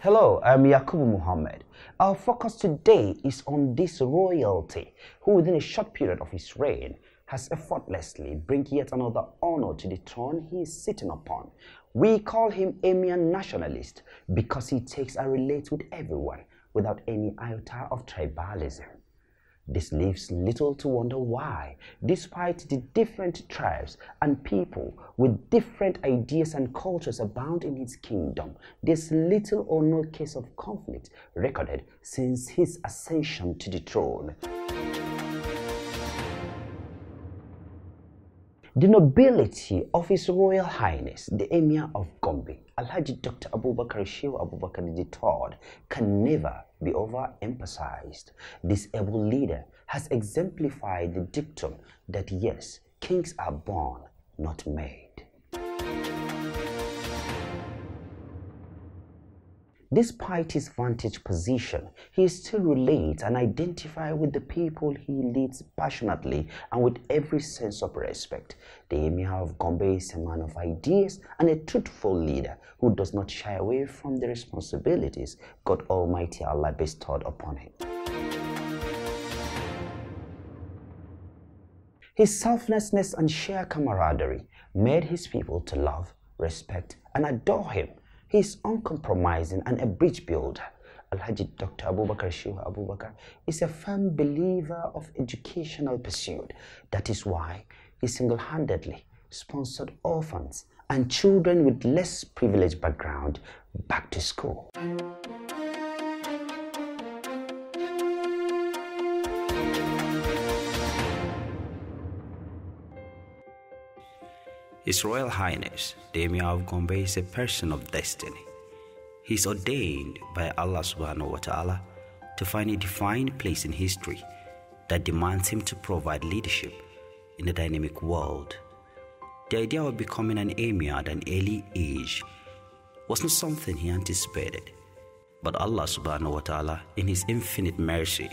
Hello, I'm Yakubu Muhammad. Our focus today is on this royalty who within a short period of his reign has effortlessly bring yet another honor to the throne he is sitting upon. We call him a mere nationalist because he takes a relate with everyone without any iota of tribalism. This leaves little to wonder why, despite the different tribes and people with different ideas and cultures abound in his kingdom, there's little or no case of conflict recorded since his ascension to the throne. the nobility of His Royal Highness, the Emir of Gombe, Alhaji Dr. Abubakar Shewa Abubakar III, can never be overemphasized. This able leader has exemplified the dictum that yes, kings are born, not made. Despite his vantage position, he still relates and identifies with the people he leads passionately and with every sense of respect. The Emir of Gombe is a man of ideas and a truthful leader who does not shy away from the responsibilities God Almighty Allah bestowed upon him. His selflessness and sheer camaraderie made his people to love, respect, and adore him He's uncompromising and a bridge builder. Alhaji Dr. Abubakar Shiva Abubakar is a firm believer of educational pursuit. That is why he single-handedly sponsored orphans and children with less privileged background back to school. His Royal Highness, Damia of Gombe is a person of destiny. He is ordained by Allah subhanahu wa ta'ala to find a defined place in history that demands him to provide leadership in a dynamic world. The idea of becoming an emir at an early age was not something he anticipated, but Allah subhanahu wa ta'ala, in His infinite mercy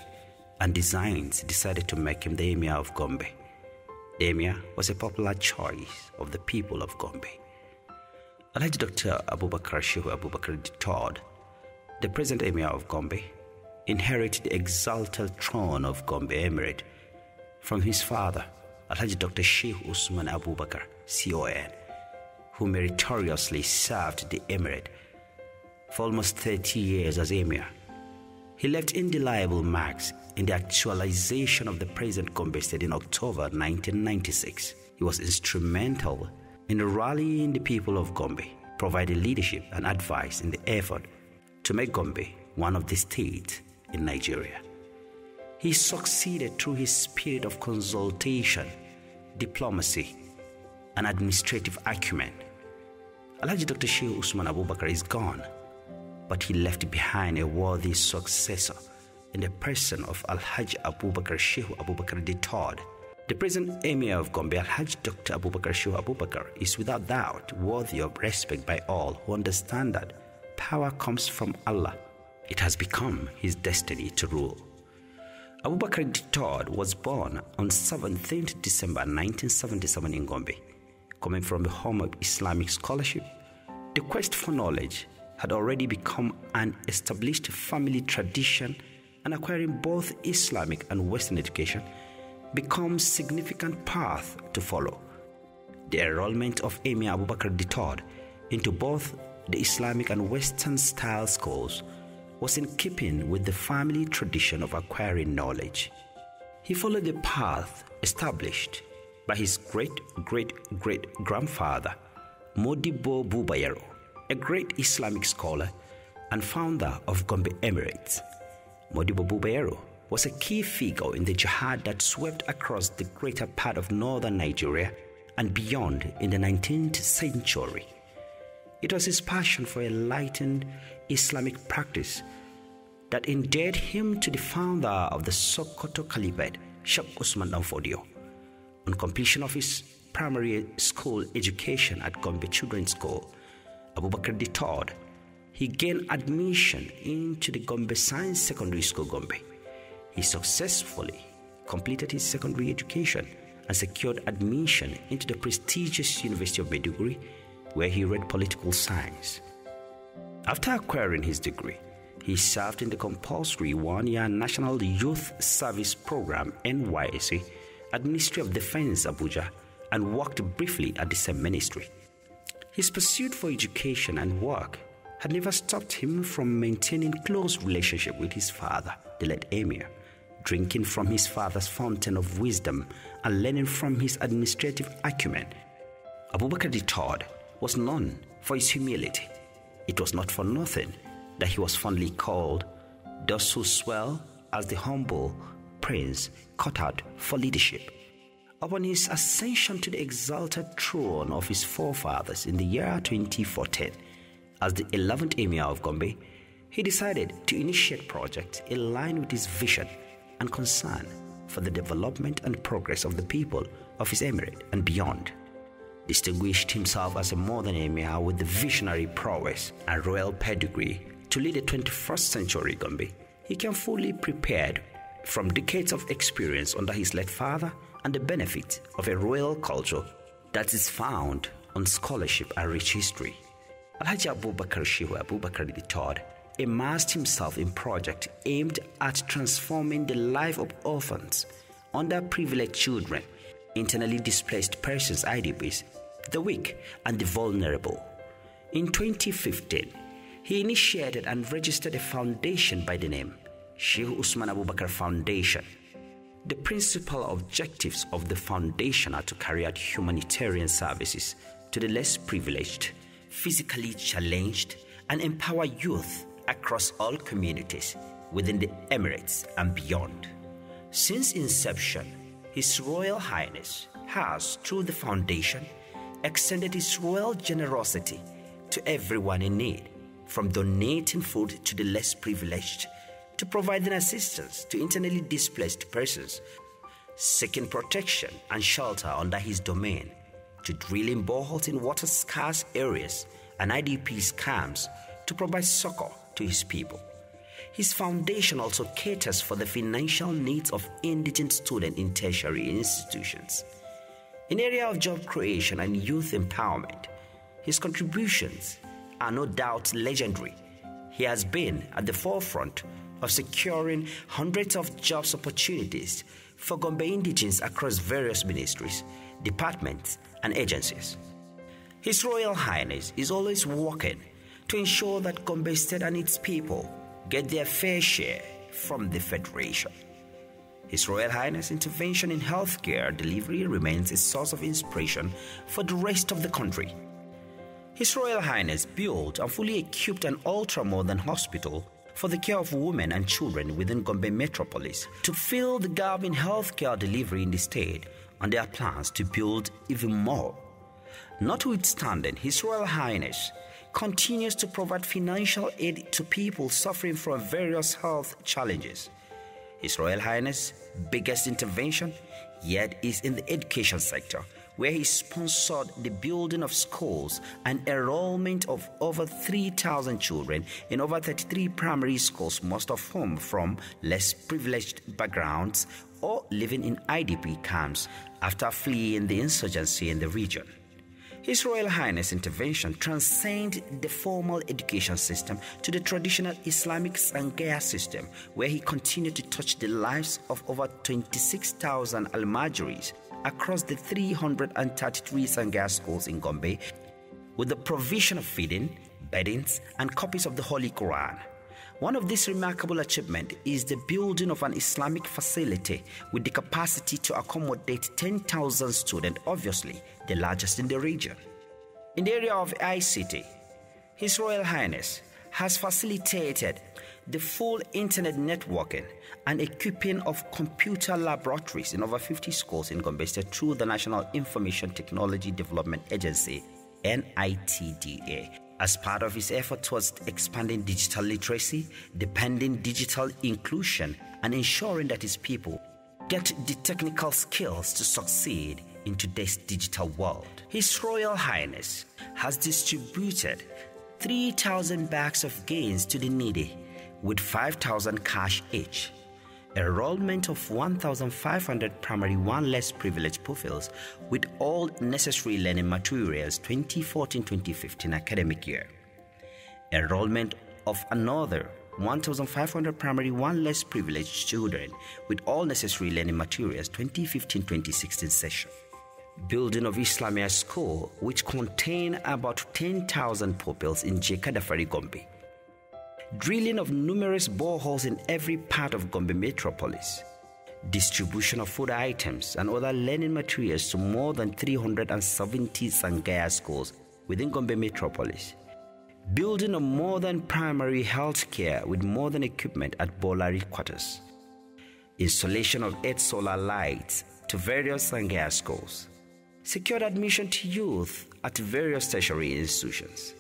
and designs, decided to make him the emir of Gombe. The emir was a popular choice of the people of Gombe. Alhaji Dr. Abubakar Shehu Abubakar III, the present Emir of Gombe, inherited the exalted throne of Gombe Emirate from his father, Alhaji Dr. Sheikh Usman Abubakar, CON, who meritoriously served the emirate for almost 30 years as emir. He left indelible marks in the actualization of the present Gombe State in October 1996. He was instrumental in rallying the people of Gombe, providing leadership and advice in the effort to make Gombe one of the states in Nigeria. He succeeded through his spirit of consultation, diplomacy, and administrative acumen. Alhaji Dr. Sheikh Usman Abubakar is gone, but he left behind a worthy successor in the person of Alhaji Abubakar Sheikh Abubakar III, the present Emir of Gombe Alhaj Dr. Abubakar Shehu Abubakar is without doubt worthy of respect by all who understand that power comes from Allah. It has become his destiny to rule. Abubakar Bakr was born on 17th December 1977 in Gombe. Coming from a home of Islamic scholarship, the quest for knowledge had already become an established family tradition and acquiring both Islamic and Western education becomes significant path to follow. The enrollment of Emir Abubakar III into both the Islamic and Western style schools was in keeping with the family tradition of acquiring knowledge. He followed the path established by his great great great grandfather, Modibo Bubayero, a great Islamic scholar and founder of Gombe Emirates. Modibo Bubayero was a key figure in the jihad that swept across the greater part of northern Nigeria and beyond in the 19th century. It was his passion for enlightened Islamic practice that endeared him to the founder of the Sokoto Caliphate, Sheikh Usman Danfodio. On completion of his primary school education at Gombe Children's School, Abubakar III, he gained admission into the Gombe Science Secondary School, Gombe he successfully completed his secondary education and secured admission into the prestigious University of Maiduguri, where he read political science. After acquiring his degree, he served in the compulsory one-year National Youth Service Program NYSE at Ministry of Defense Abuja and worked briefly at the same ministry. His pursuit for education and work had never stopped him from maintaining close relationship with his father, the late emir drinking from his father's fountain of wisdom and learning from his administrative acumen. Abu Bakr III was known for his humility. It was not for nothing that he was fondly called those swell as the humble prince cut out for leadership. Upon his ascension to the exalted throne of his forefathers in the year 2014, as the 11th Emir of Gombe, he decided to initiate projects in line with his vision and concern for the development and progress of the people of his emirate and beyond. Distinguished himself as a modern emir with visionary prowess and royal pedigree to lead the 21st century Gombe, he came fully prepared from decades of experience under his late father and the benefits of a royal culture that is found on scholarship and rich history. Alhaji Abubakar Shehu Abubakar III immersed himself in projects aimed at transforming the life of orphans, underprivileged children, internally displaced persons IDPs, the weak, and the vulnerable. In 2015, he initiated and registered a foundation by the name Sheikh Usman Abu Bakr Foundation. The principal objectives of the foundation are to carry out humanitarian services to the less privileged, physically challenged, and empower youth across all communities within the Emirates and beyond. Since inception, His Royal Highness has, through the foundation, extended His royal generosity to everyone in need, from donating food to the less privileged to providing assistance to internally displaced persons seeking protection and shelter under his domain, to drilling boreholes in water scarce areas and IDPs camps to provide succor to his people. His foundation also caters for the financial needs of indigent students in tertiary institutions. In area of job creation and youth empowerment, his contributions are no doubt legendary. He has been at the forefront of securing hundreds of jobs opportunities for Gombe indigents across various ministries, departments, and agencies. His Royal Highness is always working to ensure that Gombe State and its people get their fair share from the Federation. His Royal Highness' intervention in healthcare delivery remains a source of inspiration for the rest of the country. His Royal Highness built and fully equipped an ultra modern hospital for the care of women and children within Gombe metropolis to fill the gap in healthcare delivery in the state and their plans to build even more. Notwithstanding, His Royal Highness continues to provide financial aid to people suffering from various health challenges. His Royal Highness' biggest intervention yet is in the education sector, where he sponsored the building of schools and enrollment of over 3,000 children in over 33 primary schools, most of whom from less privileged backgrounds or living in IDP camps after fleeing the insurgency in the region. His Royal Highness' intervention transcended the formal education system to the traditional Islamic Sangha system, where he continued to touch the lives of over 26,000 Almajiris across the 333 Sangha schools in Gombe with the provision of feeding, beddings, and copies of the Holy Quran. One of these remarkable achievements is the building of an Islamic facility with the capacity to accommodate 10,000 students, obviously the largest in the region. In the area of ICT, His Royal Highness has facilitated the full internet networking and equipping of computer laboratories in over 50 schools in Gombe State through the National Information Technology Development Agency, NITDA as part of his effort towards expanding digital literacy, depending digital inclusion, and ensuring that his people get the technical skills to succeed in today's digital world. His Royal Highness has distributed 3,000 bags of gains to the needy with 5,000 cash each enrollment of 1,500 primary 1 less privileged pupils with all necessary learning materials 2014-2015 academic year. Enrollment of another 1,500 primary 1 less privileged children with all necessary learning materials 2015-2016 session. Building of Islamia School, which contain about 10,000 pupils in Jekadafari, Gombe drilling of numerous boreholes in every part of Gombe metropolis, distribution of food items and other learning materials to more than 370 Sangaya schools within Gombe metropolis, building of more than primary healthcare with more than equipment at Bolari quarters, installation of eight solar lights to various Sangaya schools, secured admission to youth at various tertiary institutions.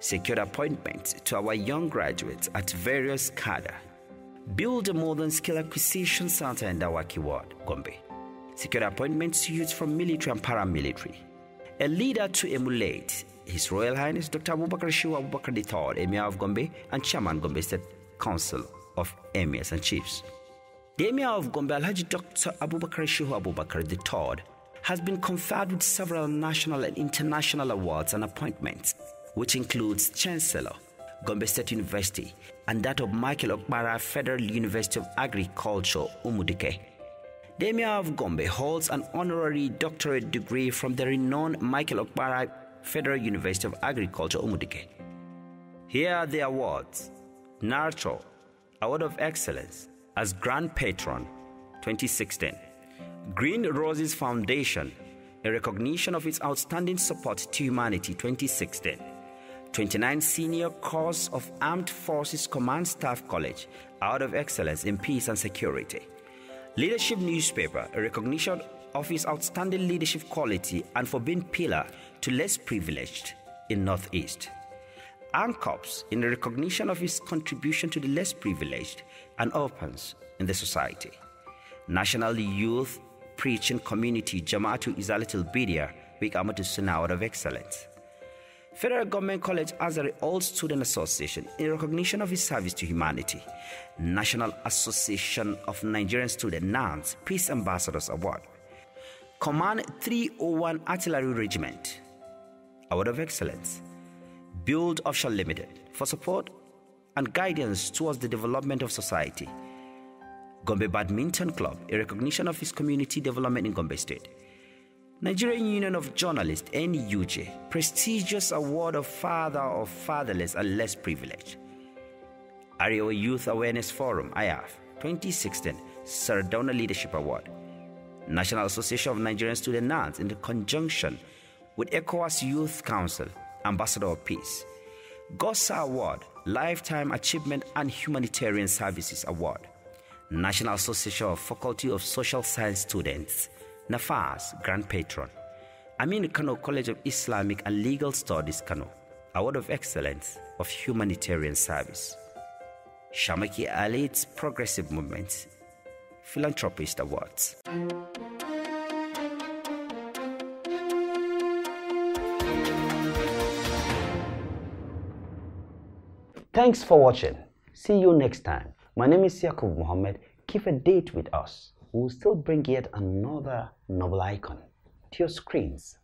Secure appointments to our young graduates at various cadre. Build a modern skill acquisition center in Dawaki Ward, Gombe. Secure appointments to youth from military and paramilitary. A leader to emulate His Royal Highness Dr. Abubakar Shiwa Abubakar III, Emir of Gombe and Chairman Gombe State Council of Emirs and Chiefs. The Emir of Gombe, Alhaji Dr. Abubakar Shihu Abubakar III, has been conferred with several national and international awards and appointments which includes Chancellor, Gombe State University, and that of Michael Okpara Federal University of Agriculture, Umudike. The of Gombe holds an honorary doctorate degree from the renowned Michael Okpara Federal University of Agriculture, Umudike. Here are the awards. Narcho, Award of Excellence as Grand Patron, 2016. Green Roses Foundation, a recognition of its outstanding support to humanity, 2016. 29 Senior Course of Armed Forces Command Staff College, out of excellence in peace and security. Leadership newspaper, a recognition of his outstanding leadership quality and for being pillar to less privileged in Northeast. Armed Corps, in recognition of his contribution to the less privileged and opens in the society. National Youth Preaching Community Jamatu Izalatul Bidia, Week Amatu Sunnah out of Excellence. Federal Government College Azari All Student Association in recognition of his service to humanity. National Association of Nigerian Students NANS Peace Ambassadors Award. Command 301 Artillery Regiment Award of Excellence. Build Offshore Limited for support and guidance towards the development of society. Gombe Badminton Club, a recognition of his community development in Gombe State. Nigerian Union of Journalists, NUJ, prestigious award of Father of Fatherless and Less Privileged. Ario Youth Awareness Forum, IAF, 2016, Sardona Leadership Award. National Association of Nigerian Student Nuns in conjunction with ECOWAS Youth Council, Ambassador of Peace. GOSA Award, Lifetime Achievement and Humanitarian Services Award. National Association of Faculty of Social Science Students. Nafas, Grand Patron. Amin Kano College of Islamic and Legal Studies, Kano, Award of Excellence of Humanitarian Service. Shamaki Ali's Progressive Movement, Philanthropist Awards. Thanks for watching. See you next time. My name is Yakub Mohammed. Keep a date with us we'll still bring yet another novel icon to your screens.